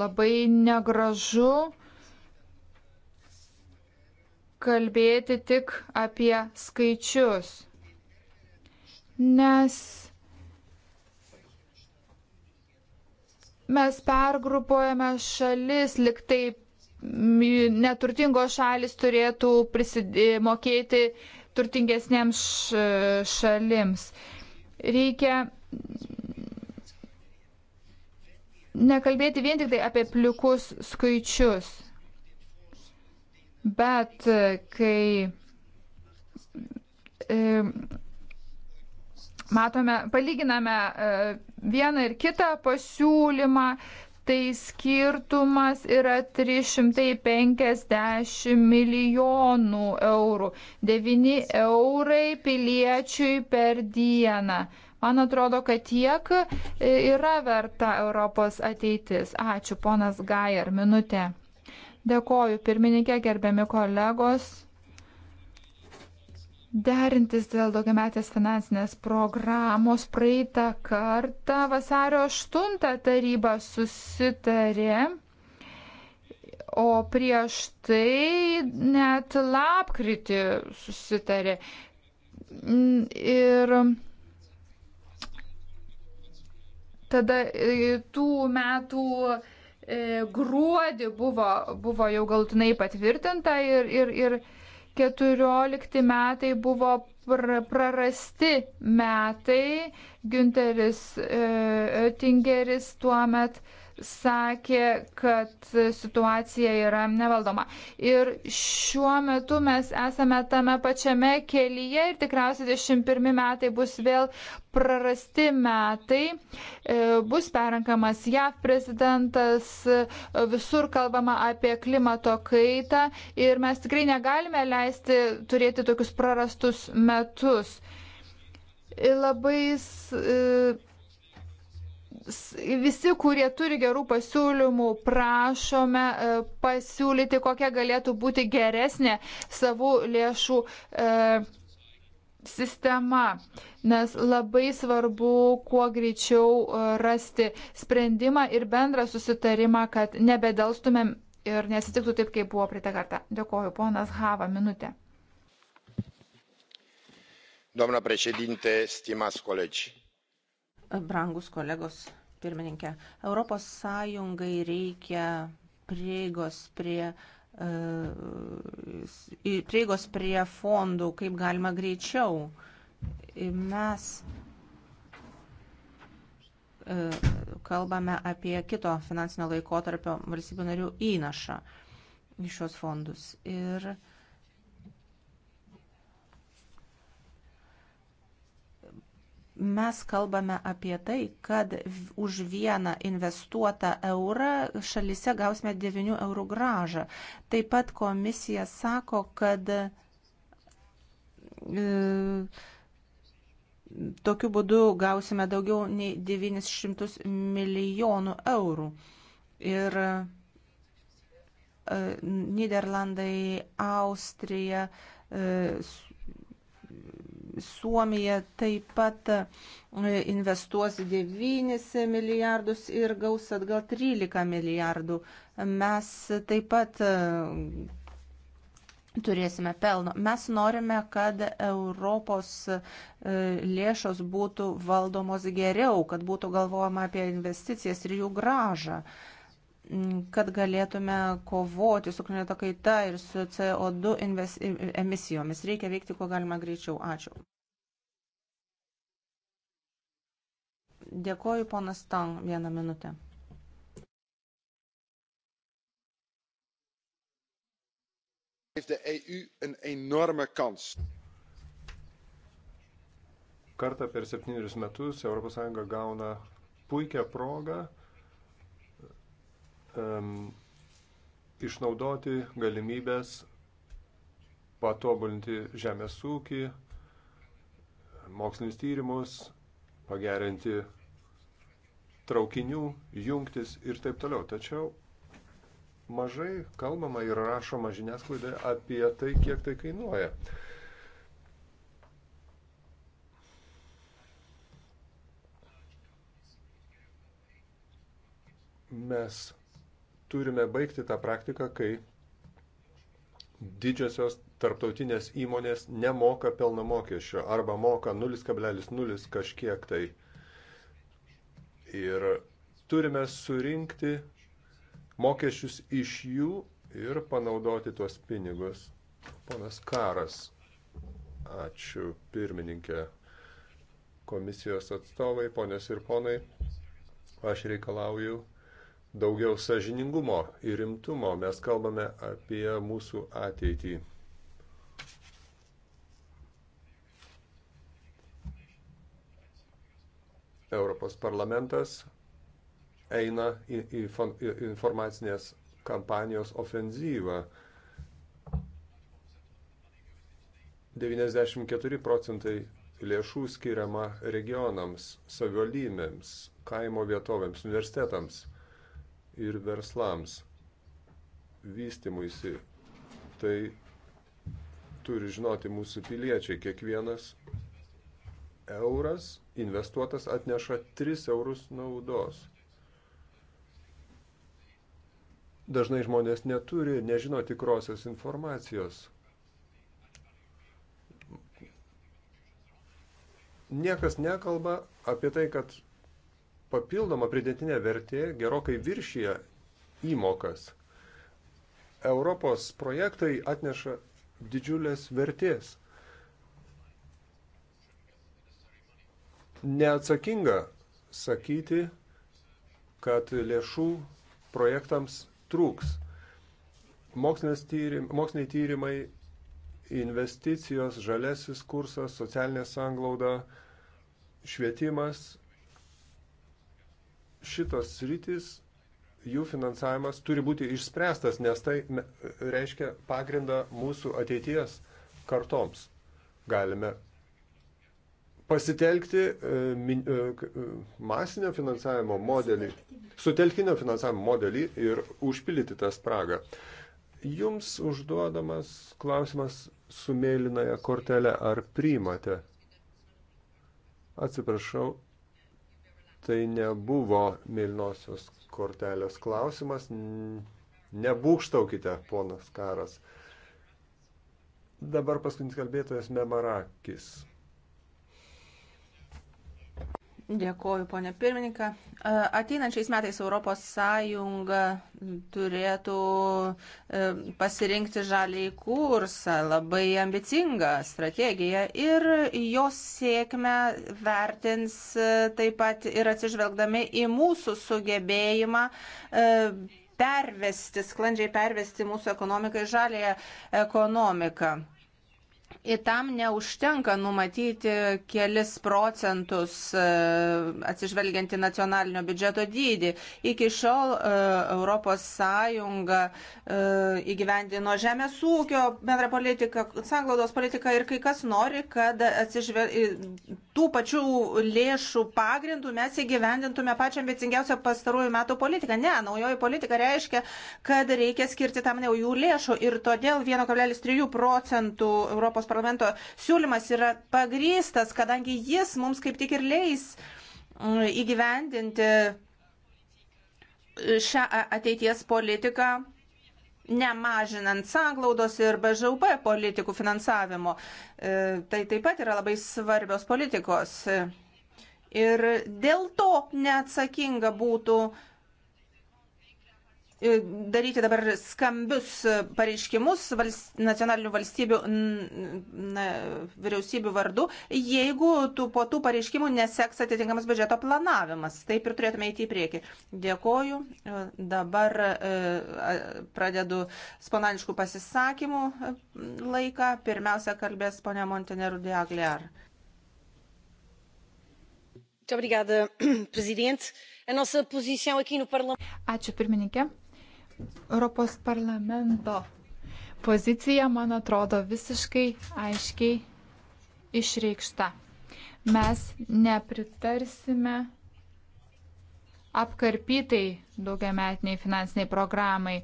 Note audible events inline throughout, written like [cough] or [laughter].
Labai negražu kalbėti tik apie skaičius, nes mes pergrupuojame šalis, liktai neturtingos šalis turėtų mokėti turtingesniems šalims. Reikia nekalbėti vien tik tai apie plikus skaičius, bet e, kai e, matome, palyginame e, vieną ir kitą pasiūlymą, tai skirtumas yra 350 milijonų eurų. 9 eurai piliečiui per dieną. Man atrodo, kad tiek e, yra verta Europos ateitis. Ačiū, ponas Gajar, minutė. Dėkoju, pirmininkė, gerbiami kolegos. Derintis dėl daugiametės finansinės programos praeitą kartą vasario 8 taryba susitarė, o prieš tai net lapkritį susitarė. Ir Tada e, tų metų e, gruodį buvo, buvo jau galtinai patvirtinta ir, ir, ir 14 metai buvo prarasti metai. Günteris e, Oettingeris tuo metu sakė, kad situacija yra nevaldoma. Ir šiuo metu mes esame tame pačiame kelyje ir tikriausiai 21 metai bus vėl prarasti metai. E, bus perrankamas JAV prezidentas, e, visur kalbama apie klimato kaitą ir mes tikrai negalime leisti turėti tokius prarastus metus. Labai e, visi, kurie turi gerų pasiūlymų, prašome e, pasiūlyti, kokia galėtų būti geresnė savų lėšų e, sistema, nes labai svarbu kuo greičiau e, rasti sprendimą ir bendrą susitarimą, kad nebedelstumėm ir nesitiktų taip, kaip buvo praeitą kartą. Dėkoju, ponas Hava, minutė. Doamna președinte, stimați colegi, Brangus kolegos pirmininkė, Europos Sąjungai reikia prieigos prie e, prieigos prie fondų, kaip galima greičiau. Mes e, kalbame apie kito finansinio laikotarpio valstybių narių įnašą į šios fondus. Ir uh, mes kalbame apie tai, kad už vieną investuotą eurą šalise gausime 9 eurų gražą. Taip pat komisija sako, kad e, tokiu būdu gausime daugiau nei 900 milijonų eurų. Ir e, Niderlandai, Austrija, e, Suomija taip pat e, investuos 9 milijardus ir gaus atgal 13 milijardų. Mes taip pat e, turėsime pelno. Mes norime, kad Europos e, lėšos būtų valdomos geriau, kad būtų galvojama apie investicijas ir jų gražą kad galėtume kovoti su klimato kaita ir su CO2 emisijomis. Reikia veikti kuo galima greičiau. Ačiū. Dėkoju, ponas Tang, vieną minutę. Heeft de EU een enorme kans? Kartą per septynerius metus ES gauna puikią progą um, išnaudoti galimybės patobulinti žemės ūkį, mokslinis tyrimus, pagerinti traukinių, jungtis ir taip toliau. Tačiau mažai kalbama ir rašoma žiniasklaidoje apie tai, kiek tai kainuoja. Mes turime baigti tą praktiką, kai didžiosios tarptautinės įmonės nemoka pelno mokesčio arba moka 0,0 kažkiek tai. Ir turime surinkti mokesčius iš jų ir panaudoti tuos pinigus. Ponas Karas, ačiū pirmininkė, komisijos atstovai, ponios ir ponai, aš reikalauju daugiau sažiningumo ir rimtumo. Mes kalbame apie mūsų ateitį. Europos parlamentas eina į, į, į informacinės kampanijos ofenzyvą. 94 procentai lėšų skiriama regionams, savivaldybėms, kaimo vietovėms, universitetams ir verslams vystimuisi. Tai turi žinoti mūsų piliečiai. Kiekvienas euras investuotas atneša 3 eurus naudos. Dažnai žmonės neturi, nežino tikrosios informacijos. Niekas nekalba apie tai, kad papildoma pridėtinė vertė gerokai viršyje įmokas. Europos projektai atneša didžiulės vertės. Neatsakinga sakyti, kad lėšų projektams trūks. Tyrim, moksliniai tyrimai, investicijos, žalesis kursas, socialinė sanglauda, švietimas šitos sritis, jų finansavimas turi būti išspręstas, nes tai reiškia pagrindą mūsų ateities kartoms. Galime pasitelkti e, e, e, masinio finansavimo modelį, sutelkinio finansavimo modelį ir užpildyti tą spragą. Jums užduodamas klausimas su mėlynaja kortelė, ar priimate? Atsiprašau, Tai nebuvo Milnosios kortelės klausimas. Nebūkštaukite, ponas Karas. Dabar paskutinis kalbėtojas Memarakis. Dėkoju, ponė pirmininką. Ateinančiais metais Europos Sąjunga turėtų e, pasirinkti žaliai kursą, labai ambicingą strategiją ir jos sėkmę vertins e, taip pat ir atsižvelgdami į mūsų sugebėjimą e, pervesti, sklandžiai pervesti mūsų ekonomiką į žalėją ekonomiką. Ir tam neužtenka numatyti kelis procentus e, atsižvelgiant į nacionalinio biudžeto dydį. Iki šiol ES e, įgyvendino žemės ūkio bendrą politiką, sanglaudos politiką ir kai kas nori, kad atsižvel... tų pačių lėšų pagrindų mes įgyvendintume pačią ambicingiausią pastarųjų metų politiką. Ne, naujoji politika reiškia, kad reikia skirti tam naujų lėšų ir todėl 1,3 procentų ES parlamento siūlymas yra pagrystas, kadangi jis mums kaip tik ir leis mm, įgyvendinti šią ateities politiką nemažinant sanglaudos ir BŽUP politikų finansavimo. E, tai taip pat yra labai svarbios politikos. E, ir dėl to neatsakinga būtų uh, E, daryti dabar skambius e, pareiškimus vals, nacionalinių valstybių na, vyriausybių vardu, jeigu tų, po tų pareiškimų neseks atitinkamas biudžeto planavimas. Taip ir turėtume eiti į priekį. Dėkoju. E, dabar pradedu spontaniškų pasisakymų laiką. Pirmiausia, kalbės ponia Monteneru Diagliar. [clears throat] Ačiū pirmininkė. Europos parlamento pozicija, man atrodo, visiškai aiškiai išreikšta. Mes nepritarsime apkarpytai daugiametiniai finansiniai programai.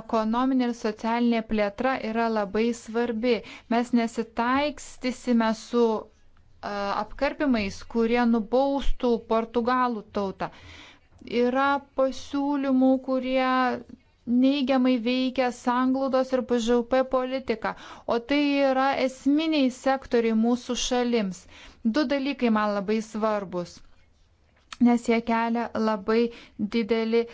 Ekonominė ir socialinė plėtra yra labai svarbi. Mes nesitaikstysime su e, apkarpimais, kurie nubaustų portugalų tautą. Yra pasiūlymų, kurie neigiamai veikia sanglaudos ir PŽP politika, o tai yra esminiai sektoriai mūsų šalims. Du dalykai man labai svarbus nes jie kelia labai didelį e,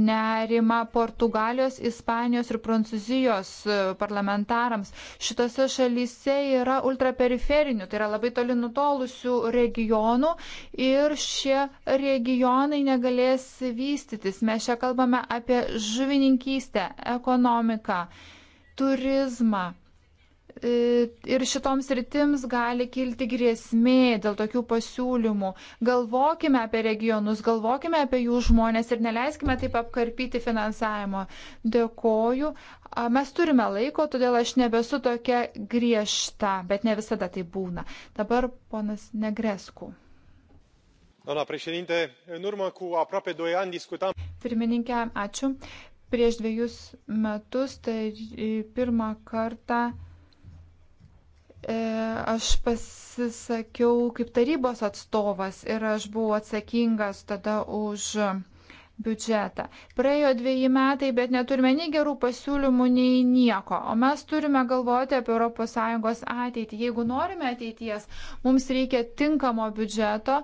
nerimą Portugalijos, Ispanijos ir Prancūzijos e, parlamentarams. Šitose šalyse yra ultraperiferinių, tai yra labai toli nutolusių regionų ir šie regionai negalės vystytis. Mes čia kalbame apie žuvininkystę, ekonomiką, turizmą E, ir šitoms rytims gali kilti grėsmė dėl tokių pasiūlymų. Galvokime apie regionus, galvokime apie jų žmonės ir neleiskime taip apkarpyti finansavimo. Dėkoju. Mes turime laiko, todėl aš nebesu tokia griežta, bet ne visada tai būna. Dabar ponas Negresku. Pirmininkė, ačiū. Prieš dviejus metus tai e, pirmą kartą E, aš pasisakiau kaip tarybos atstovas ir aš buvau atsakingas tada už biudžetą. Praėjo dviejai metai, bet neturime nei gerų pasiūlymų, nei nieko. O mes turime galvoti apie ES ateitį. Jeigu norime ateities, mums reikia tinkamo biudžeto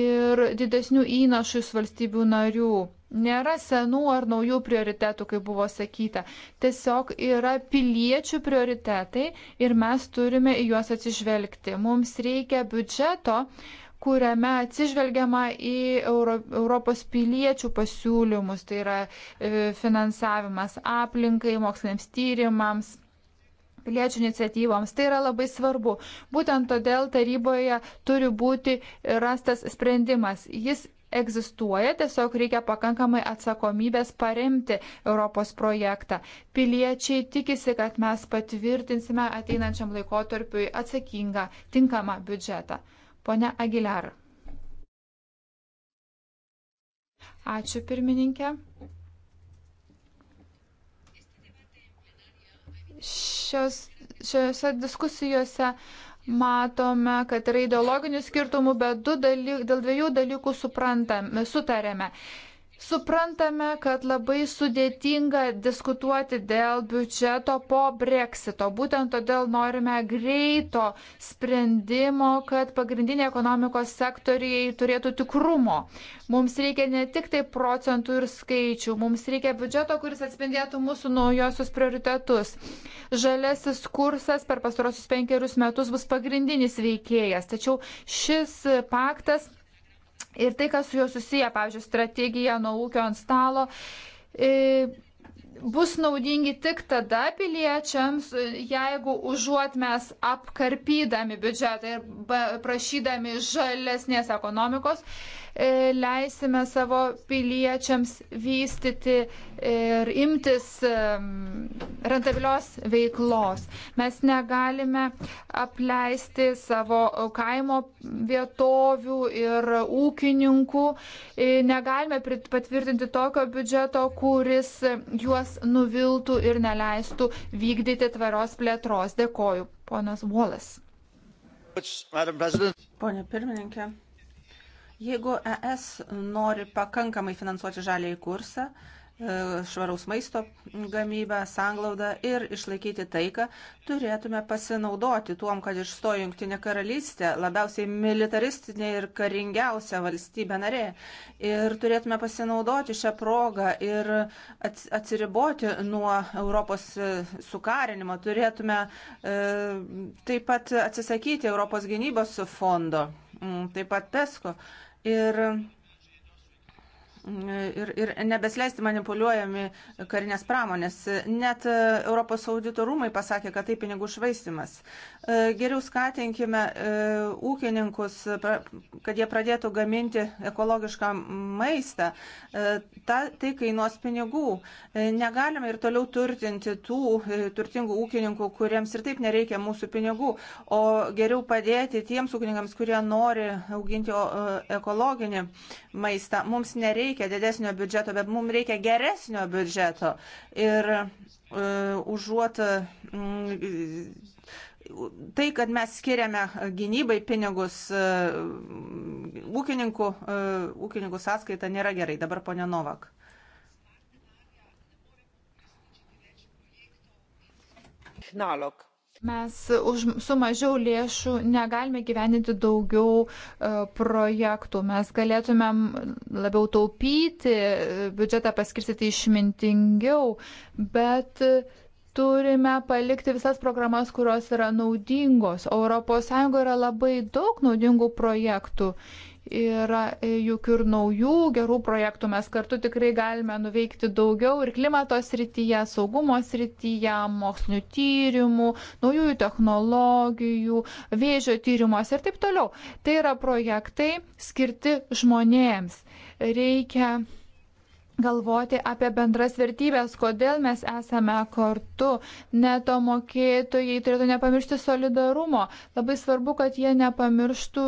ir didesnių įnašų iš valstybių narių. Nėra senų ar naujų prioritetų, kaip buvo sakyta. Tiesiog yra piliečių prioritetai ir mes turime į juos atsižvelgti. Mums reikia biudžeto, kuriame atsižvelgiama į Euro, Europos piliečių pasiūlymus, tai yra e, finansavimas aplinkai, moksliniams tyrimams. Piliečių iniciatyvoms tai yra labai svarbu. Būtent todėl taryboje turi būti rastas sprendimas. Jis egzistuoja, tiesiog reikia pakankamai atsakomybės paremti Europos projektą. Piliečiai tikisi, kad mes patvirtinsime ateinančiam laikotarpiui atsakingą, tinkamą biudžetą. Pone Aguilar. Ačiū pirmininkė. Šios, šiose diskusijose matome, kad yra ideologinių skirtumų, bet dalyk, dėl dviejų dalykų suprantam, sutarėme. Suprantame, kad labai sudėtinga diskutuoti dėl biudžeto po breksito. Būtent todėl norime greito sprendimo, kad pagrindiniai ekonomikos sektoriai turėtų tikrumo. Mums reikia ne tik tai procentų ir skaičių, mums reikia biudžeto, kuris atspindėtų mūsų naujosius prioritetus. Žalesis kursas per pastarosius penkerius metus bus pagrindinis veikėjas, tačiau šis paktas ir tai, kas su juo susiję, pavyzdžiui, strategija nuo ūkio ant stalo. E, bus naudingi tik tada piliečiams, jeigu užuot mes apkarpydami biudžetą ir prašydami žalesnės ekonomikos, e, leisime savo piliečiams vystyti ir imtis rentabilios veiklos. Mes negalime apleisti savo kaimo vietovių ir ūkininkų, e, negalime patvirtinti tokio biudžeto, kuris juos juos nuviltų ir neleistų vykdyti tvaros plėtros. Dėkoju, ponas Volas. Pone pirmininkė, jeigu ES nori pakankamai finansuoti žaliai kursą, švaraus maisto gamybą, sanglaudą ir išlaikyti taiką, turėtume pasinaudoti tuom, kad išstojo Junktinė karalystė, labiausiai militaristinė ir karingiausia valstybė narė. Ir turėtume pasinaudoti šią progą ir atsiriboti nuo Europos e, sukarinimo. Turėtume e, taip pat atsisakyti Europos gynybos fondo, taip pat PESCO. Ir ir, ir nebesleisti manipuliuojami karinės pramonės. Net Europos audito rūmai pasakė, kad tai pinigų švaistimas. E, geriau skatinkime e, ūkininkus, kad jie pradėtų gaminti ekologišką maistą. E, ta, tai kainuos pinigų. Negalime ir toliau turtinti tų turtingų ūkininkų, kuriems ir taip nereikia mūsų pinigų, o geriau padėti tiems ūkininkams, kurie nori auginti ekologinį maistą. Mums nereikia nereikia didesnio biudžeto, bet mums reikia geresnio biudžeto. Ir uh, užuot. Mm, Tai, kad mes skiriame gynybai pinigus e, ūkininkų, e, ūkininkų sąskaitą, nėra gerai. Dabar ponė Novak. Nalog. Mes už, su mažiau lėšų negalime gyveninti daugiau e, projektų. Mes galėtumėm labiau taupyti, e, biudžetą paskirstyti išmintingiau, bet turime palikti visas programas, kurios yra naudingos. ES yra labai daug naudingų projektų yra e, juk ir naujų gerų projektų. Mes kartu tikrai galime nuveikti daugiau ir klimato srityje, saugumo srityje, mokslinių tyrimų, naujųjų technologijų, vėžio tyrimuose ir taip toliau. Tai yra projektai skirti žmonėms. Reikia galvoti apie bendras vertybės, kodėl mes esame kartu. Neto mokėtojai turėtų nepamiršti solidarumo. Labai svarbu, kad jie nepamirštų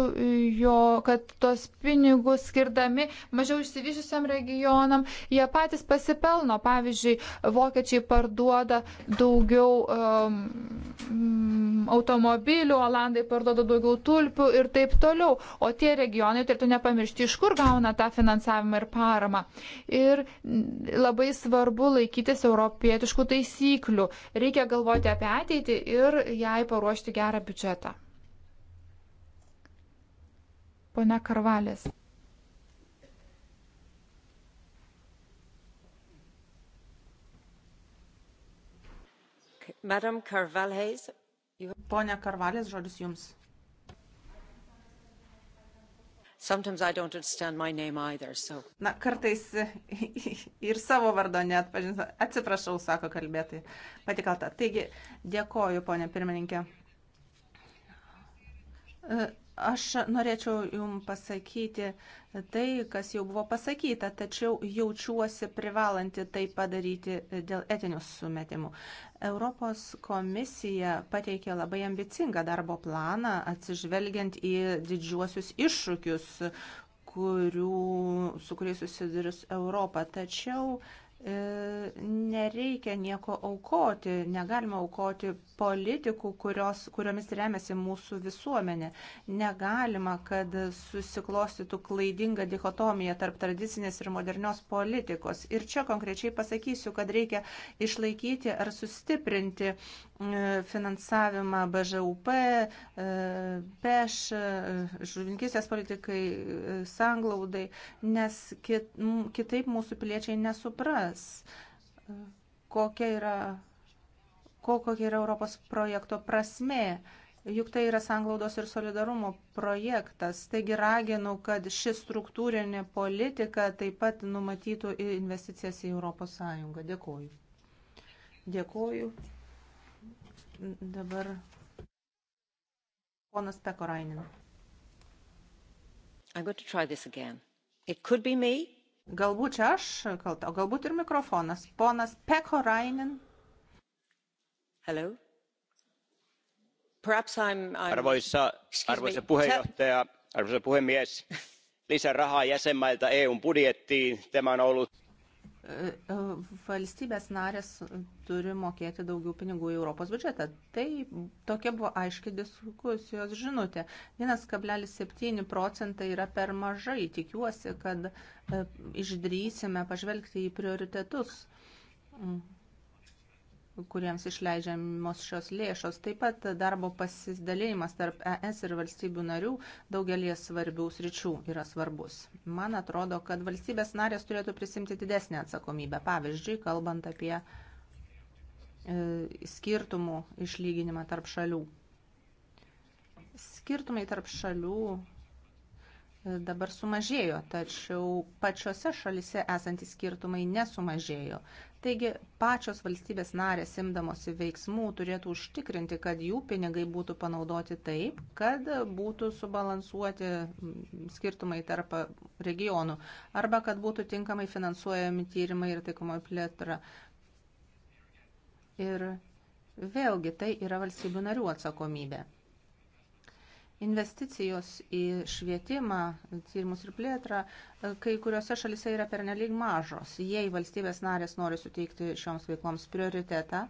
jo, kad tos pinigus skirdami mažiau išsivyšusiam regionam, jie patys pasipelno. Pavyzdžiui, vokiečiai parduoda daugiau um, automobilių, olandai parduoda daugiau tulpių ir taip toliau. O tie regionai turėtų nepamiršti, iš kur gauna tą finansavimą ir paramą. Ir labai svarbu laikytis europietiškų taisyklių. Reikia galvoti apie ateitį ir jai paruošti gerą biudžetą. Pone Karvalės. Pone Karvalės, žodis jums. So. Na, kartais [laughs] ir savo vardo net pažinsiu. Atsiprašau, sako kalbėtai. Pati kalta. Taigi, dėkoju, ponė pirmininkė. E, Aš norėčiau Jums pasakyti tai, kas jau buvo pasakyta, tačiau jaučiuosi privalanti tai padaryti dėl etinių sumetimų. Europos komisija pateikė labai ambicingą darbo planą, atsižvelgiant į didžiuosius iššūkius, kurių, su kuriais susidurius Europą. Tačiau E, nereikia nieko aukoti, negalima aukoti politikų, kurios, kuriomis remiasi mūsų visuomenė. Negalima, kad susiklostytų klaidinga dichotomija tarp tradicinės ir modernios politikos. Ir čia konkrečiai pasakysiu, kad reikia išlaikyti ar sustiprinti E, finansavimą BŽUP, e, peš, e, žuvininkistės politikai, sanglaudai, nes kitaip mūsų piliečiai nesupras, kokia yra, kokia yra Europos projekto prasme. Juk tai yra sanglaudos ir solidarumo projektas. Taigi raginu, kad ši struktūrinė politika taip pat numatytų investicijas į ES. Dėkuoju. Dėkuoju. Dabar ponas Pekorainin. Galbūt čia aš kalta, o galbūt ir mikrofonas. Ponas Pekorainin. Hello. Perhaps I'm, I'm... Arvoisa, arvoisa, puheenjohtaja, arvoisa puhemies, lisärahaa jäsenmailta EUn budjettiin, tämä on ollut... E, valstybės narės turi mokėti daugiau pinigų į Europos biudžetą. Tai tokia buvo aiški diskusijos žinutė. 1,7 procentai yra per mažai. Tikiuosi, kad e, išdrysime pažvelgti į prioritetus kuriems išleidžiamos šios lėšos. Taip pat darbo pasidalėjimas tarp ES ir valstybių narių daugelį svarbių sričių yra svarbus. Man atrodo, kad valstybės narės turėtų prisimti didesnį atsakomybę. Pavyzdžiui, kalbant apie e, skirtumų išlyginimą tarp šalių. Skirtumai tarp šalių e, dabar sumažėjo, tačiau pačiose šalise esantys skirtumai nesumažėjo. Taigi pačios valstybės narės imdamosi veiksmų turėtų užtikrinti, kad jų pinigai būtų panaudoti taip, kad būtų subalansuoti mm, skirtumai tarp regionų arba kad būtų tinkamai finansuojami tyrimai ir taikomoji plėtra. Ir vėlgi tai yra valstybių narių atsakomybė. Investicijos į švietimą, tyrimus ir plėtrą e, kai kuriuose šalise yra pernelyg mažos. Jei valstybės narės nori suteikti šioms veikloms prioritetą,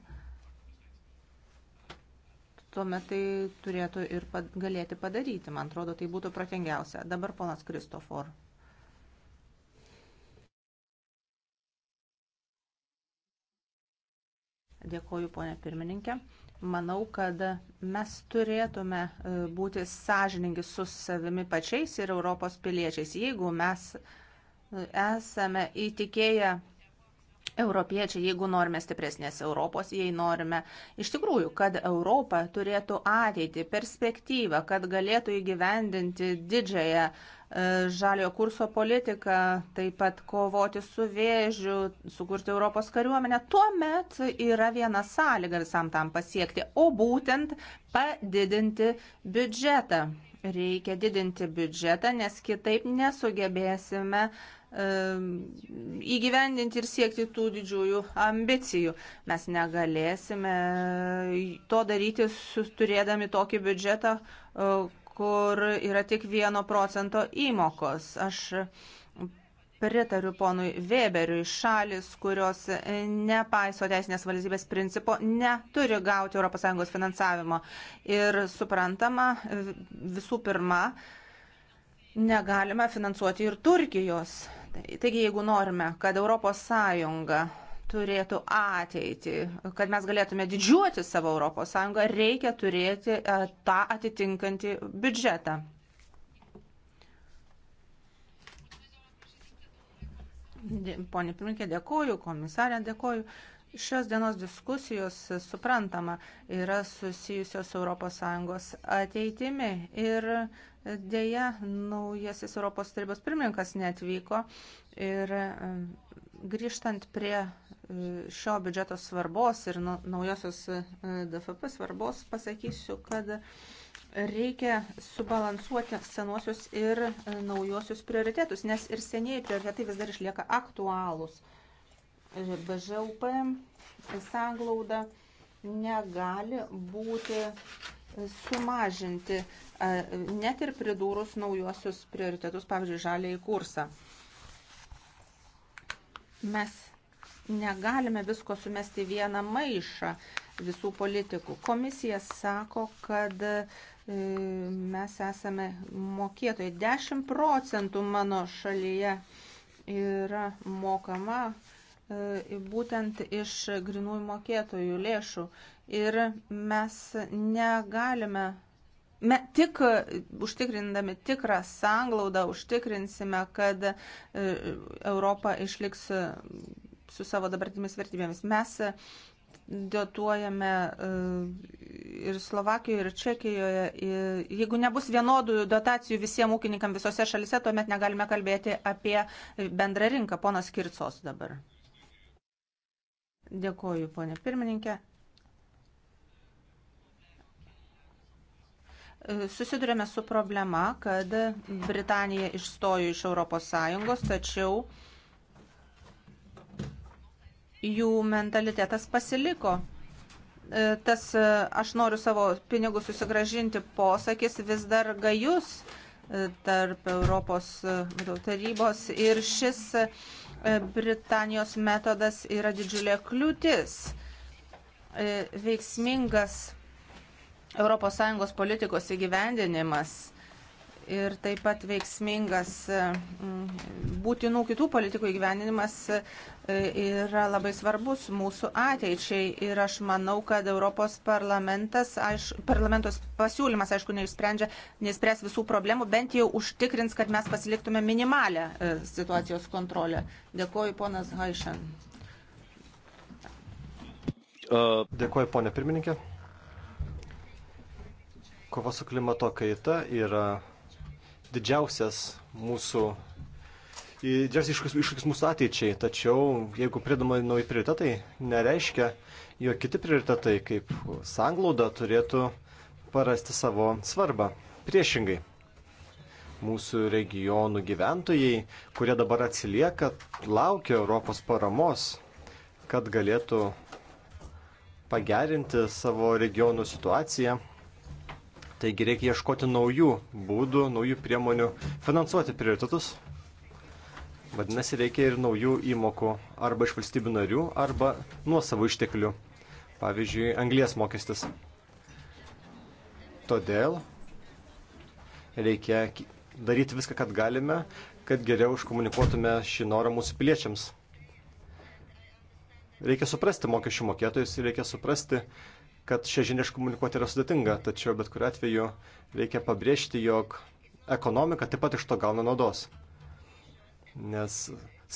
tuomet tai turėtų ir pad galėti padaryti. Man atrodo, tai būtų protingiausia. Dabar ponas Kristofor. Dėkoju, ponė pirmininkė. Manau, kad mes turėtume e, būti sąžiningi su savimi pačiais ir Europos piliečiais. Jeigu mes e, esame įtikėję europiečiai, jeigu norime stipresnės Europos, jei norime iš tikrųjų, kad Europa turėtų ateitį, perspektyvą, kad galėtų įgyvendinti didžiąją žaliojo kurso politiką, taip pat kovoti su vėžiu, sukurti Europos kariuomenę, tuomet yra viena sąlyga visam tam pasiekti, o būtent padidinti biudžetą. Reikia didinti biudžetą, nes kitaip nesugebėsime įgyvendinti ir siekti tų didžiųjų ambicijų. Mes negalėsime to daryti, turėdami tokį biudžetą, kur yra tik vieno procento įmokos. Aš pritariu ponui Weberiui, šalis, kurios nepaiso teisinės valstybės principo, neturi gauti ES finansavimo. Ir suprantama, visų pirma, negalime finansuoti ir Turkijos. Taigi, jeigu norime, kad ES turėtų ateitį, kad mes galėtume didžiuoti savo ES, reikia turėti e, tą atitinkantį biudžetą. Pone Pirminkė, dėkoju, komisarė, dėkoju. Šios dienos diskusijos, e, suprantama, yra susijusios ES ateitimi ir e, dėja naujasis ES tarybos pirmininkas netvyko ir grįžtant prie šio biudžeto svarbos ir nu, naujosios e, DFP svarbos pasakysiu, kad reikia subalansuoti senuosius ir e, naujosius prioritetus, nes ir senieji prioritetai vis dar išlieka aktualūs. BŽUP, sanglauda negali būti sumažinti, e, net ir pridūrus naujosius prioritetus, pavyzdžiui, žaliai kursą. Mes negalime visko sumesti vieną maišą visų politikų. Komisija sako, kad e, mes esame mokėtojai. 10 procentų mano šalyje yra mokama e, būtent iš grinųjų mokėtojų lėšų. Ir mes negalime me, tik užtikrindami tikrą sanglaudą užtikrinsime, kad e, Europa išliks su savo dabartimis vertybėmis. Mes e, dotuojame e, ir Slovakijoje, ir Čekijoje. Jeigu nebus vienodų dotacijų visiems ūkininkam visose šalise, tuomet negalime kalbėti apie bendrą rinką. Ponas Kircos dabar. Dėkoju, ponė pirmininkė. E, susidurėme su problema, kad Britanija išstojo iš ES, tačiau jų mentalitetas pasiliko. E, tas e, aš noriu savo pinigus susigražinti posakis vis dar gajus e, tarp Europos tarybos ir šis Britanijos metodas yra didžiulė kliūtis. Veiksmingas ES politikos įgyvendinimas ir taip pat veiksmingas mm, būtinų kitų politikų įgyveninimas e, yra labai svarbus mūsų ateičiai. Ir aš manau, kad Europos parlamentas, aiš, parlamentos pasiūlymas, aišku, neišsprendžia, neįspręs visų problemų, bent jau užtikrins, kad mes pasiliktume minimalę e, situacijos kontrolę. Dėkuoju, ponas Haišan. Dėkuoju, ponė pirmininkė. Kova su klimato kaita yra didžiausias mūsų didžiausias iššūkis, iššūkis mūsų ateičiai. Tačiau jeigu pridama nauji prioritetai, nereiškia, jog kiti prioritetai kaip sanglauda turėtų parasti savo svarbą. Priešingai, mūsų regionų gyventojai, kurie dabar atsilieka, laukia Europos paramos, kad galėtų pagerinti savo regionų situaciją Taigi reikia ieškoti naujų būdų, naujų priemonių finansuoti prioritetus. Vadinasi, reikia ir naujų įmokų arba iš valstybių narių, arba nuo savo išteklių. Pavyzdžiui, anglės mokestis. Todėl reikia daryti viską, kad galime, kad geriau iškomunikuotume šį norą mūsų piliečiams. Reikia suprasti mokesčių mokėtojus ir reikia suprasti, kad šią žinią iškomunikuoti yra sudėtinga, tačiau bet kuriu atveju reikia pabrėžti, jog ekonomika taip pat iš to gauna naudos. Nes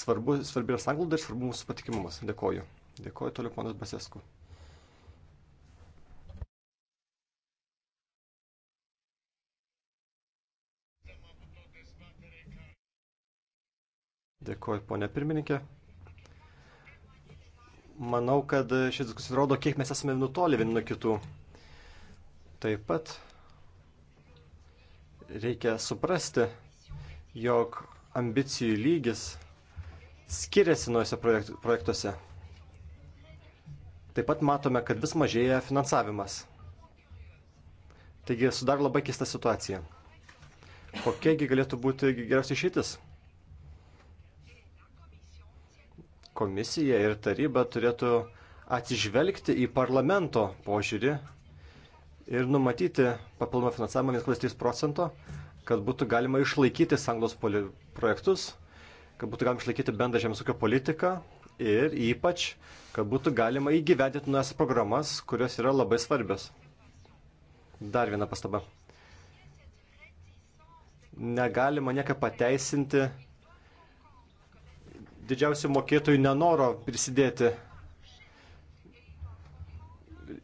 svarbu, svarbi yra sanglauda ir svarbu mūsų patikimumas. Dėkoju. Dėkoju toliau, ponas Basesku. Dėkoju, ponė pirmininkė. Manau, kad šis diskusija rodo, kiek mes esame nutolę vieni nuo kitų. Taip pat reikia suprasti, jog ambicijų lygis skiriasi nuose projektuose. Taip pat matome, kad vis mažėja finansavimas. Taigi sudar labai keista situacija. Kokiagi galėtų būti geriausia išeitis? komisija ir taryba turėtų atsižvelgti į parlamento požiūrį ir numatyti papildomą finansavimą 1,3 procento, kad būtų galima išlaikyti sanglos projektus, kad būtų galima išlaikyti bendrą žemės ūkio politiką ir ypač, kad būtų galima įgyvendinti nues programas, kurios yra labai svarbios. Dar viena pastaba. Negalima nieko pateisinti didžiausių mokėtojų nenoro prisidėti.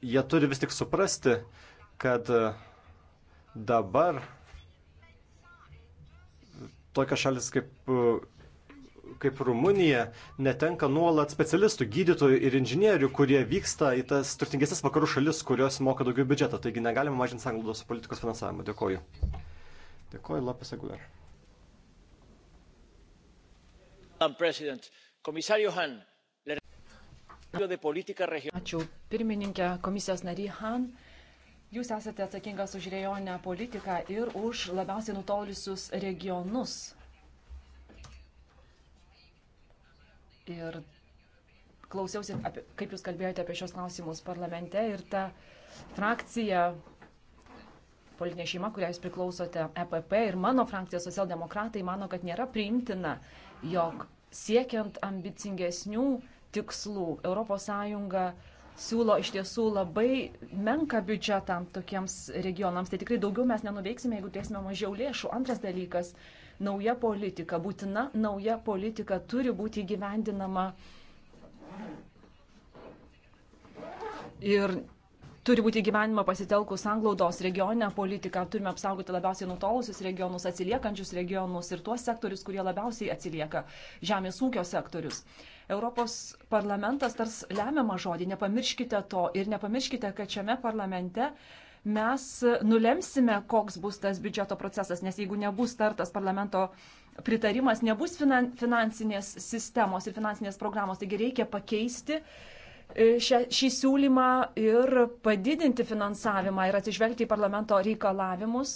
Jie turi vis tik suprasti, kad dabar tokios šalis kaip, kaip Rumunija netenka nuolat specialistų, gydytojų ir inžinierių, kurie vyksta į tas turtingesnės vakarų šalis, kurios moka daugiau biudžeto. Taigi negalima mažinti sanglaudos politikos finansavimo. Dėkoju. Dėkoju, Lopes Aguilar madam president komisario hahn le ačiū pirmininke komisijos nary hahn jūs esate atsakingas už regioninę politiką ir už labiausiai nutolusius regionus ir klausiausi apie, kaip jūs kalbėjote apie šios klausimus parlamente ir ta frakcija politinė šeima, kurią jūs priklausote, EPP ir mano frakcija socialdemokratai mano, kad nėra priimtina jog siekiant ambicingesnių tikslų ES siūlo iš tiesų labai menką biudžetą tokiems regionams. Tai tikrai daugiau mes nenuveiksime, jeigu turėsime mažiau lėšų. Antras dalykas - nauja politika. Būtina nauja politika turi būti įgyvendinama. Ir turi būti gyvenima pasitelkus anglaudos regioninę politiką, turime apsaugoti labiausiai nutolusius regionus, atsiliekančius regionus ir tuos sektorius, kurie labiausiai atsilieka - žemės ūkio sektorius. Europos parlamentas tars lemiamą žodį, nepamirškite to ir nepamirškite, kad šiame parlamente mes nulemsime, koks bus tas biudžeto procesas, nes jeigu nebus tartas parlamento pritarimas, nebus finan, finansinės sistemos ir finansinės programos, taigi reikia pakeisti uh, E, šią, šį siūlymą ir padidinti finansavimą ir atsižvelgti į parlamento reikalavimus,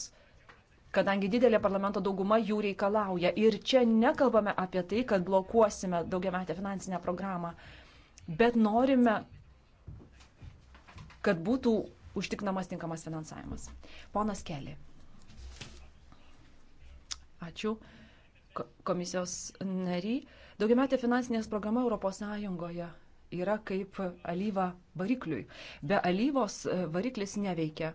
kadangi didelė parlamento dauguma jų reikalauja. Ir čia nekalbame apie tai, kad blokuosime daugiametę finansinę programą, bet norime, kad būtų užtikrinamas tinkamas finansavimas. Ponas Keli. Ačiū komisijos nariai. Daugiametė finansinės programa ES yra kaip alyva varikliui. Be alyvos e, variklis neveikia.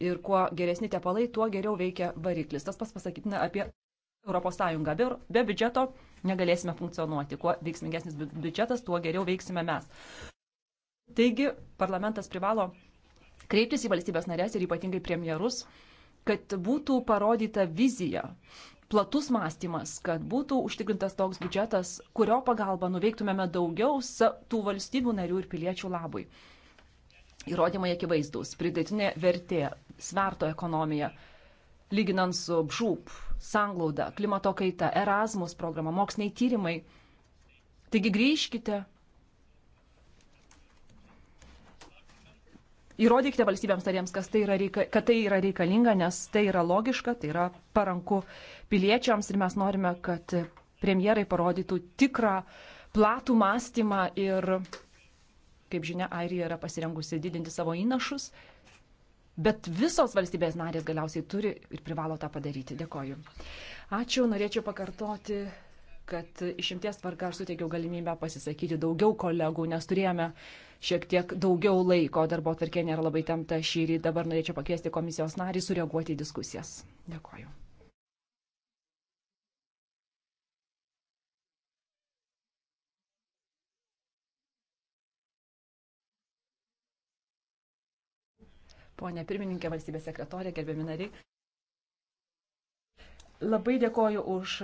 Ir kuo geresni tepalai, tuo geriau veikia variklis. Tas pats pasakytina apie Europos Sąjungą. Be, be biudžeto negalėsime funkcionuoti. Kuo veiksmingesnis biudžetas, tuo geriau veiksime mes. Taigi, parlamentas privalo kreiptis į valstybės narės ir ypatingai premjerus, kad būtų parodyta vizija platus mąstymas, kad būtų užtikrintas toks biudžetas, kurio pagalba nuveiktumėme daugiau tų valstybių narių ir piliečių labui. Įrodymai akivaizdus - pridėtinė vertė, sverto ekonomija, lyginant su BŽUP, sanglauda, klimato kaita, Erasmus programa, moksliniai tyrimai. Taigi grįžkite. Įrodykite valstybėms tariems, tai reika, kad tai yra reikalinga, nes tai yra logiška, tai yra paranku piliečiams ir mes norime, kad premjerai parodytų tikrą platų mąstymą ir, kaip žinia, Airija yra pasirengusi didinti savo įnašus, bet visos valstybės narės galiausiai turi ir privalo tą padaryti. Dėkoju. Ačiū, norėčiau pakartoti kad išimties tvarka aš suteikiau galimybę pasisakyti daugiau kolegų, nes turėjome šiek tiek daugiau laiko, darbo tvarkė nėra labai temta šį rytą. Dabar norėčiau pakviesti komisijos narį sureaguoti į diskusijas. Dėkoju. Pone pirmininkė, valstybės sekretorė, gerbiami nariai. Labai dėkoju už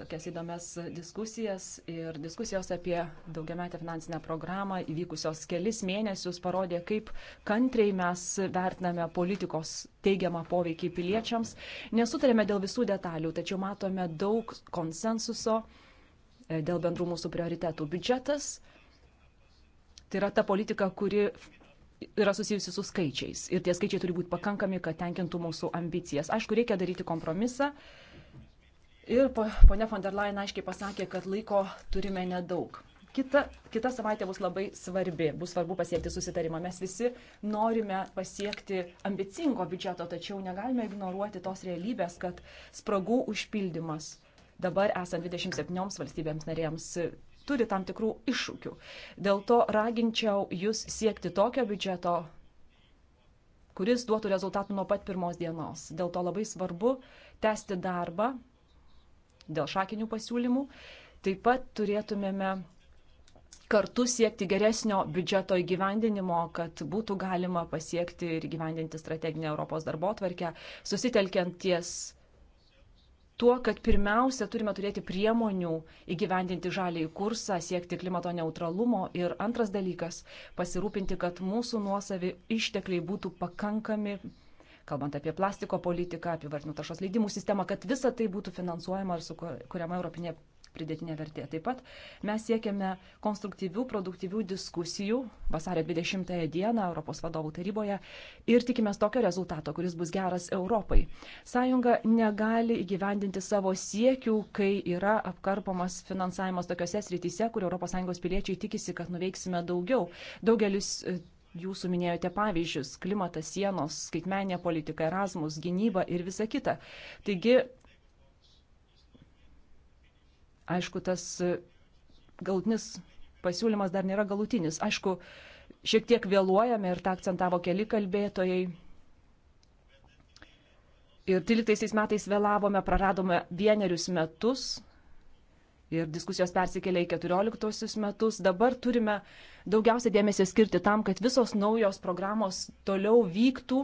tokias įdomias diskusijas ir diskusijos apie daugiametę finansinę programą įvykusios kelis mėnesius parodė, kaip kantriai mes vertiname politikos teigiamą poveikį piliečiams. Nesutarėme dėl visų detalių, tačiau matome daug konsensuso e, dėl bendrų mūsų prioritetų. Biudžetas tai yra ta politika, kuri yra susijusi su skaičiais. Ir tie skaičiai turi būti pakankami, kad tenkintų mūsų ambicijas. Aišku, reikia daryti kompromisą. Ir ponia von der Leyen aiškiai pasakė, kad laiko turime nedaug. Kita, kita savaitė bus labai svarbi, bus svarbu pasiekti susitarimą. Mes visi norime pasiekti ambicingo biudžeto, tačiau negalime ignoruoti tos realybės, kad spragų užpildymas dabar esant 27 valstybėms narėms turi tam tikrų iššūkių. Dėl to raginčiau jūs siekti tokio biudžeto, kuris duotų rezultatų nuo pat pirmos dienos. Dėl to labai svarbu tęsti darbą dėl šakinių pasiūlymų. Taip pat turėtumėme kartu siekti geresnio biudžeto įgyvendinimo, kad būtų galima pasiekti ir įgyvendinti strateginę Europos darbo tvarkę, susitelkiant ties tuo, kad pirmiausia turime turėti priemonių įgyvendinti žaliai kursą, siekti klimato neutralumo ir antras dalykas - pasirūpinti, kad mūsų nuosavi ištekliai būtų pakankami, kalbant apie plastiko politiką, apie vartinių taršos leidimų sistemą, kad visa tai būtų finansuojama ir sukuriama Europinė pridėtinė vertė. Taip pat mes siekiame konstruktyvių, produktyvių diskusijų vasario 20 dieną Europos vadovų taryboje ir tikimės tokio rezultato, kuris bus geras Europai. Sąjunga negali įgyvendinti savo siekių, kai yra apkarpomas finansavimas tokiose srityse, kur ES piliečiai tikisi, kad nuveiksime daugiau. Daugelis e, Jūsų minėjote pavyzdžius - klimatas, sienos, skaitmenė politika, Erasmus, gynyba ir visa kita. Taigi Aišku, tas e, galutinis pasiūlymas dar nėra galutinis. Aišku, šiek tiek vėluojame ir tą akcentavo keli kalbėtojai. Ir 13 metais vėlavome, praradome vienerius metus ir diskusijos persikėlė į 14 metus. Dabar turime daugiausia dėmesio skirti tam, kad visos naujos programos toliau vyktų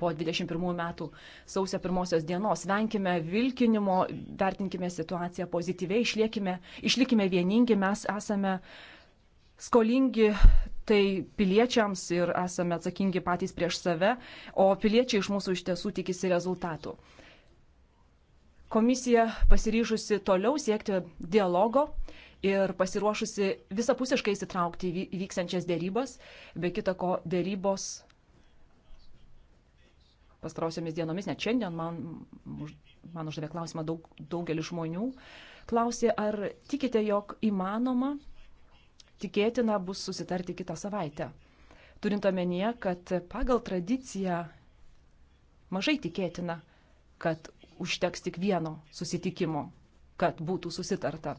po 21 metų sausio pirmosios dienos. Venkime vilkinimo, vertinkime situaciją pozityviai, išliekime, išlikime vieningi, mes esame skolingi tai piliečiams ir esame atsakingi patys prieš save, o piliečiai iš mūsų iš tiesų tikisi rezultatų. Komisija pasiryžusi toliau siekti dialogo ir pasiruošusi visapusiškai įsitraukti į vyksančias dėrybas, be kita ko dėrybos pastarosiamis dienomis, net šiandien man, man uždavė klausimą daug, daugelis žmonių, klausė, ar tikite, jog įmanoma, tikėtina bus susitarti kitą savaitę. Turint omenyje, kad pagal tradiciją mažai tikėtina, kad užteks tik vieno susitikimo, kad būtų susitarta.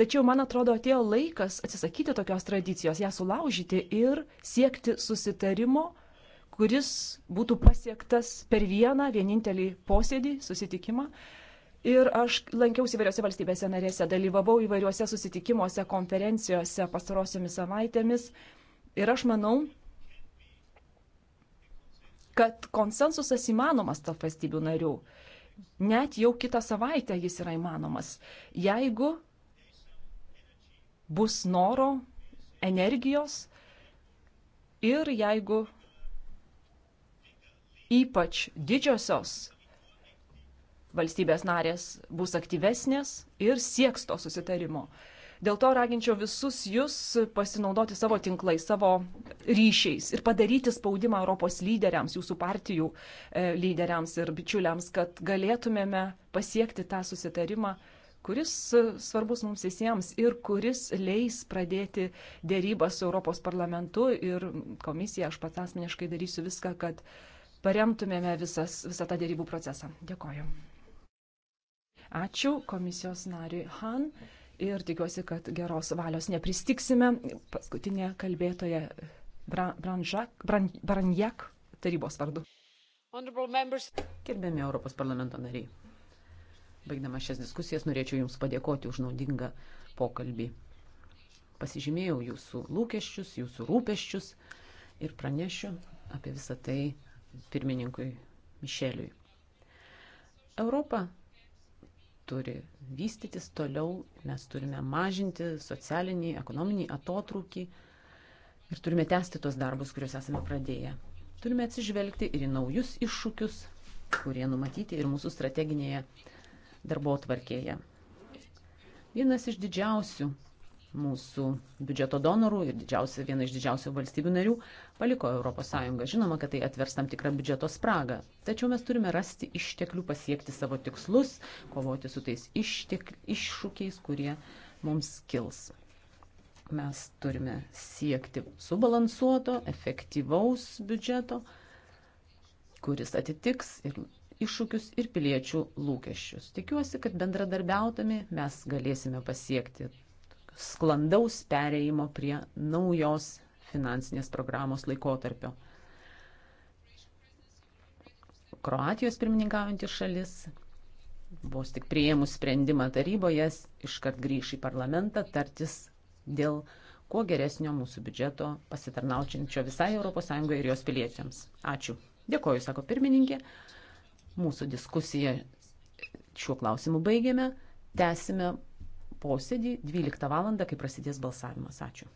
Tačiau, man atrodo, atėjo laikas atsisakyti tokios tradicijos, ją sulaužyti ir siekti susitarimo, kuris būtų pasiektas per vieną vienintelį posėdį, susitikimą. Ir aš lankiausi įvairiose valstybėse narėse, dalyvavau įvairiuose susitikimuose, konferencijose pastarosiomis savaitėmis. Ir aš manau, kad konsensusas įmanomas tarp valstybių narių. Net jau kitą savaitę jis yra įmanomas. Jeigu bus noro, energijos ir jeigu ypač didžiosios valstybės narės bus aktyvesnės ir sieks to susitarimo. Dėl to raginčiau visus jūs pasinaudoti savo tinklais, savo ryšiais ir padaryti spaudimą Europos lyderiams, jūsų partijų e, lyderiams ir bičiuliams, kad galėtumėme pasiekti tą susitarimą, kuris svarbus mums visiems ir kuris leis pradėti dėrybą su Europos parlamentu ir komisija. Aš pats asmeniškai darysiu viską, kad uh, paremtumėme visas, visą tą dėrybų procesą. Dėkoju. Ačiū komisijos nariui Han ir tikiuosi, kad geros valios nepristiksime. Paskutinė kalbėtoja Branžak, Bran, Branjak tarybos vardu. Gerbiami Europos parlamento nariai, baigdama šias diskusijas norėčiau Jums padėkoti už naudingą pokalbį. Pasižymėjau Jūsų lūkesčius, Jūsų rūpesčius ir pranešiu apie visą tai pirmininkui Mišeliui. Europa turi vystytis toliau, mes turime mažinti socialinį, ekonominį atotrūkį ir turime tęsti tuos darbus, kuriuos esame pradėję. Turime atsižvelgti ir į naujus iššūkius, kurie numatyti ir mūsų strateginėje darbo tvarkėje. Vienas iš didžiausių mūsų biudžeto donorų ir didžiausia, viena iš didžiausių valstybių narių paliko ES. Žinoma, kad tai atvers tam tikrą biudžeto spragą. Tačiau mes turime rasti išteklių, pasiekti savo tikslus, kovoti su tais ištek, iššūkiais, kurie mums kils. Mes turime siekti subalansuoto, efektyvaus biudžeto, kuris atitiks ir iššūkius ir piliečių lūkesčius. Tikiuosi, kad bendradarbiautami mes galėsime pasiekti sklandaus pereimo prie naujos finansinės programos laikotarpio. Kroatijos pirmininkaujantis šalis vos tik prieimus sprendimą taryboje, iškart grįš į parlamentą tartis dėl kuo geresnio mūsų biudžeto pasitarnaučiančio visai ES ir jos piliečiams. Ačiū. Dėkoju, sako pirmininkė. Mūsų diskusiją šiuo klausimu baigėme. Tęsime posėdį 12 val., kai prasidės balsavimas. Ačiū.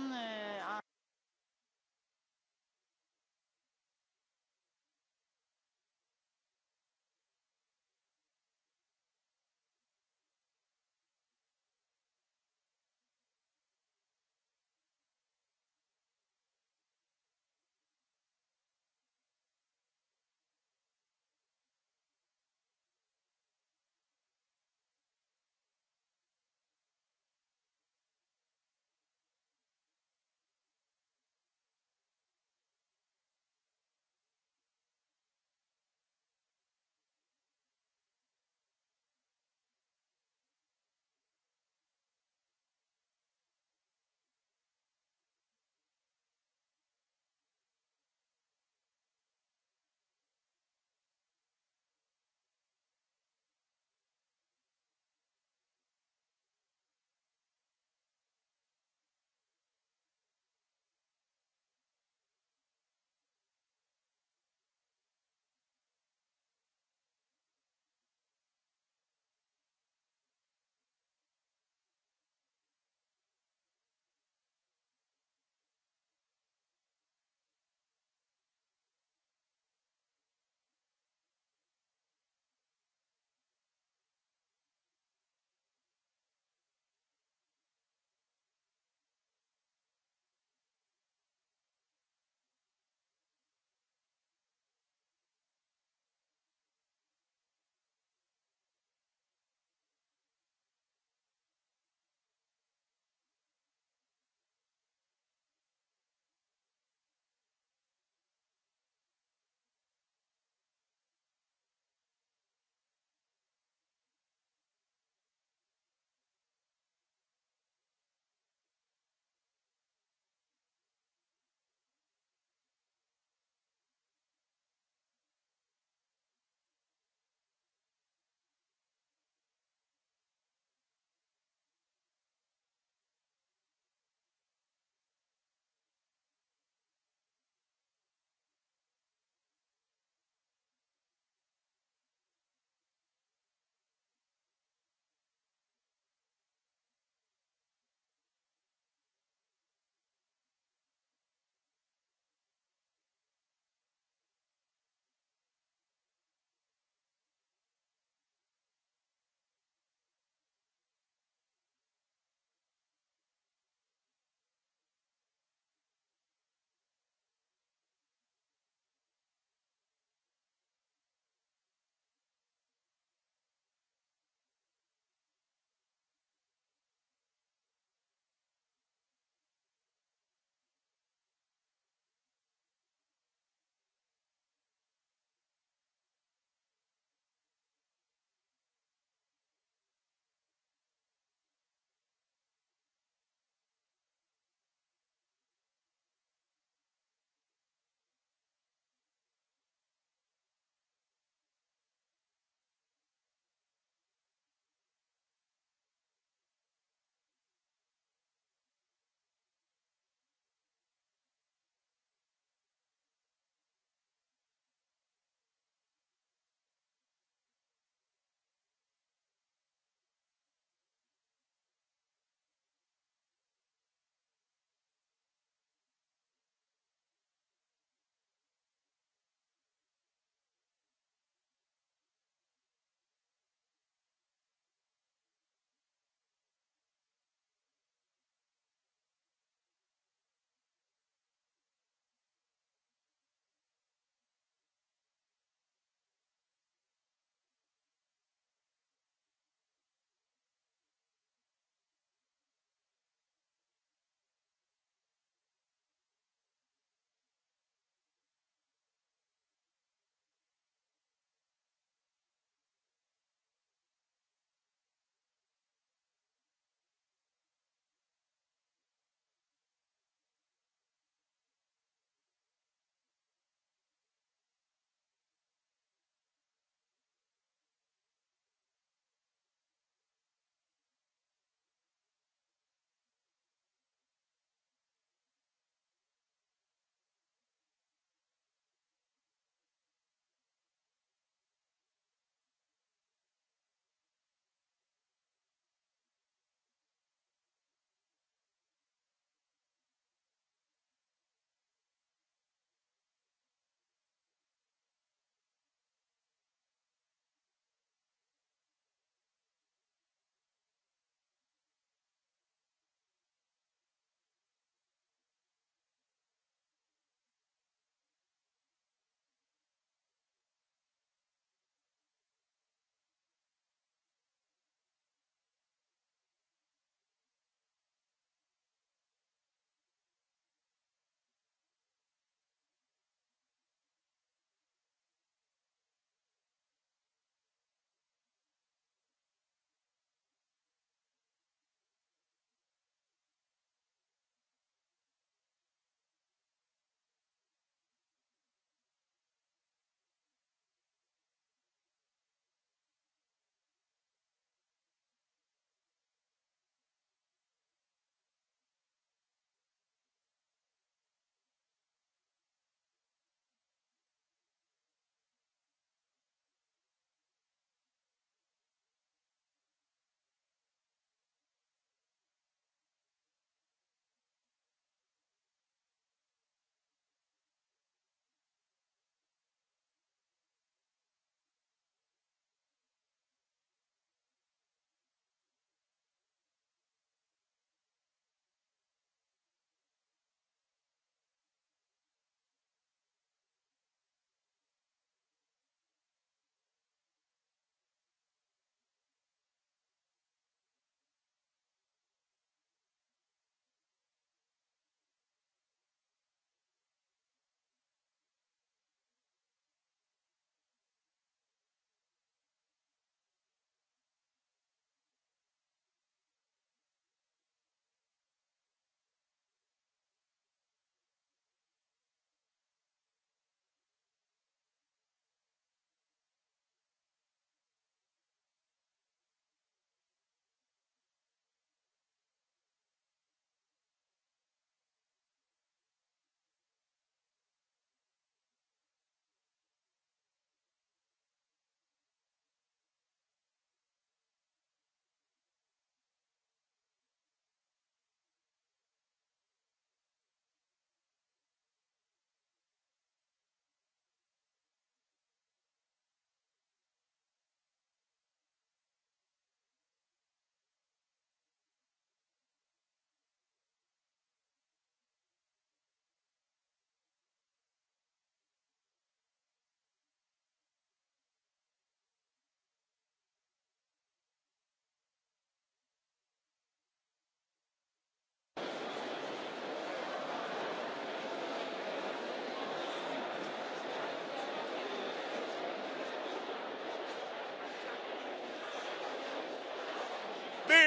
sånn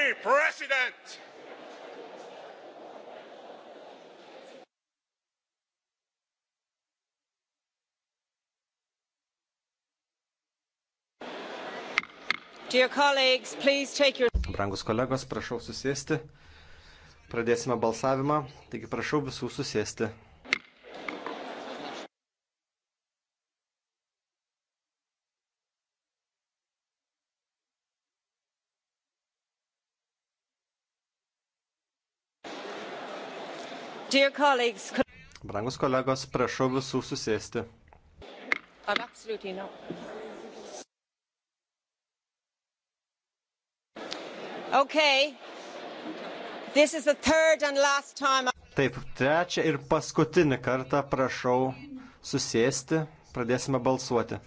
Mr. President! Your... Brangus kolegos, prašau susėsti. Pradėsime balsavimą, taigi prašau visų susėsti. Brangus kolegos, prašau visų susėsti. Absolutely not. Okay. This is the third and last time. Taip, trečią ir paskutinį kartą prašau susėsti, pradėsime balsuoti.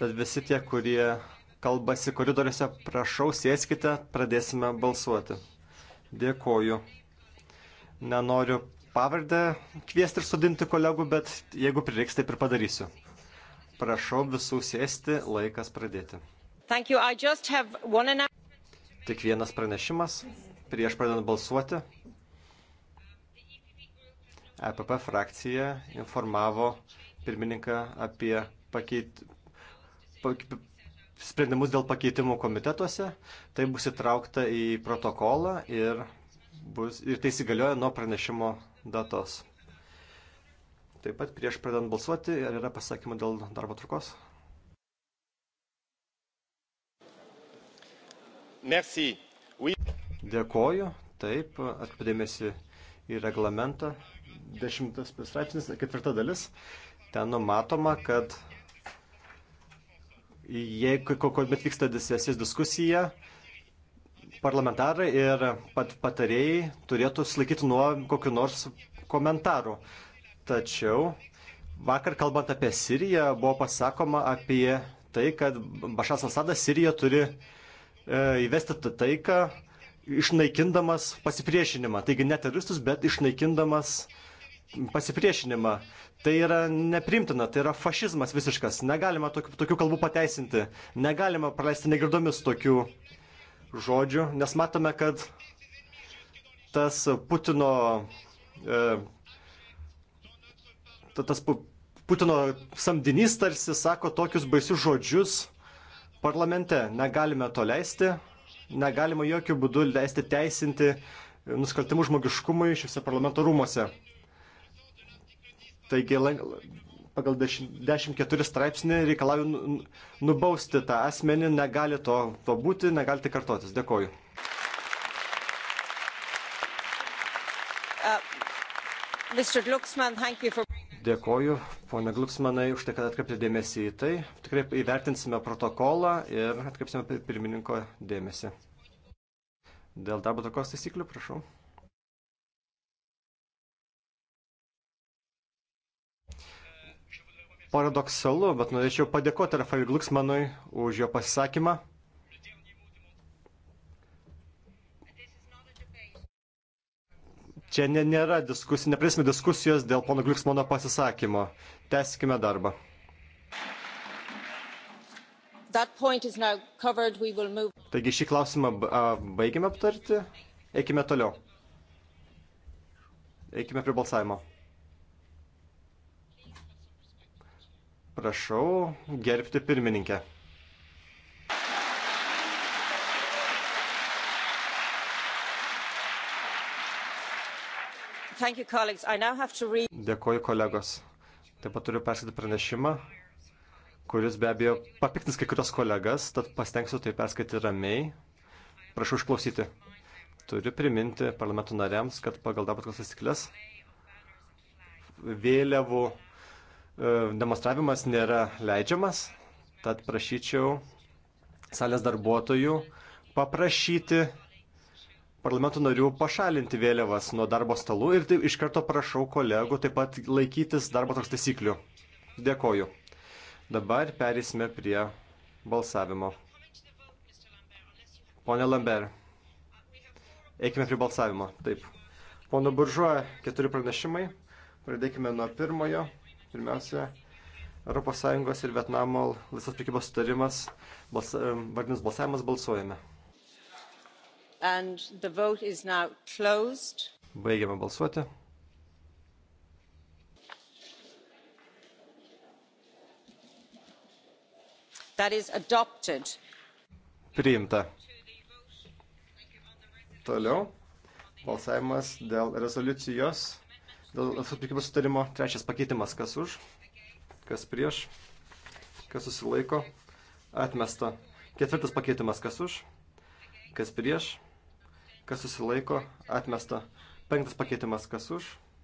Tad visi tie, kurie kalbasi koridoriuose, prašau sėskite, pradėsime balsuoti. Dėkoju nenoriu pavardę kviesti ir sudinti kolegų, bet jeigu prireiks, taip ir padarysiu. Prašau visų sėsti, laikas pradėti. One... Tik vienas pranešimas prieš pradedant balsuoti. EPP frakcija informavo pirmininką apie pakeit... Pak... sprendimus dėl pakeitimų komitetuose. Tai bus įtraukta į protokolą ir bus ir tai įsigalioja nuo pranešimo datos. Taip pat prieš pradant balsuoti, ar yra pasakymų dėl darbo trukos? Merci. Oui. Dėkoju. Taip, atkreipdėmėsi į reglamentą. Dešimtas straipsnis, ketvirta dalis. Ten numatoma, kad jeigu kuomet vyksta disesijos diskusija, parlamentarai ir pat patarėjai turėtų sulaikyti nuo kokiu nors komentaru. Tačiau vakar kalbant apie Siriją buvo pasakoma apie tai, kad Bašas Asadas Siriją turi e, įvesti taiką, išnaikindamas pasipriešinimą. Taigi ne teroristus, bet išnaikindamas pasipriešinimą. Tai yra neprimtina, tai yra fašizmas visiškas. Negalima tokių, tokių kalbų pateisinti. Negalima praleisti negirdomis tokių žodžių, nes matome, kad tas Putino, e, tas Putino samdinys tarsi sako tokius baisius žodžius parlamente. Negalime to leisti, negalima jokių būdų leisti teisinti nusikaltimų žmogiškumui šiuose parlamento rūmose. Taigi pagal 104 straipsnį reikalauju nu, nu, nubausti tą asmenį, negali to, to būti, negali tai kartotis. Dėkoju. Uh, for... Dėkoju, ponia Gluksmanai, už tai, kad atkreipti dėmesį į tai. Tikrai įvertinsime protokolą ir atkreipsime pirmininko dėmesį. Dėl darbo tokios taisyklių, prašau. paradoksalu, bet norėčiau padėkoti Rafael Glucksmanui už jo pasisakymą. Čia nėra diskusijos, neprisime diskusijos dėl pono Glucksmano pasisakymo. Teskime darbą. Taigi šį klausimą baigime aptarti. Eikime toliau. Eikime prie balsavimo. Prašau gerbti pirmininkę. Dėkoju kolegos. Taip pat turiu perskaityti pranešimą, kuris be abejo papiktins kai kurios kolegas, tad pastengsiu tai perskaityti ramiai. Prašau išklausyti. Turiu priminti parlamento nariams, kad pagal dabartinės taisyklės vėliavų E, demonstravimas nėra leidžiamas, tad prašyčiau salės darbuotojų paprašyti parlamento narių pašalinti vėliavas nuo darbo stalų ir taip iš karto prašau kolegų taip pat laikytis darbo toks taisyklių. Dėkoju. Dabar perėsime prie balsavimo. Pone Lambert, eikime prie balsavimo. Taip. Pono Buržuoja, keturi pranešimai. Pradėkime nuo pirmojo. Pirmiausia, ES ir Vietnamo laisvos prekybos sutarimas, bals, vardinis balsavimas balsuojame. Baigiame balsuoti. Priimta. Toliau balsavimas dėl rezoliucijos Dėl laisvos prekybos sutarimo trečias pakeitimas. Kas už, kas prieš, kas susilaiko, atmesta. Ketvirtas pakeitimas. Kas už, kas prieš, kas susilaiko, atmesta. Penktas pakeitimas. Kas už,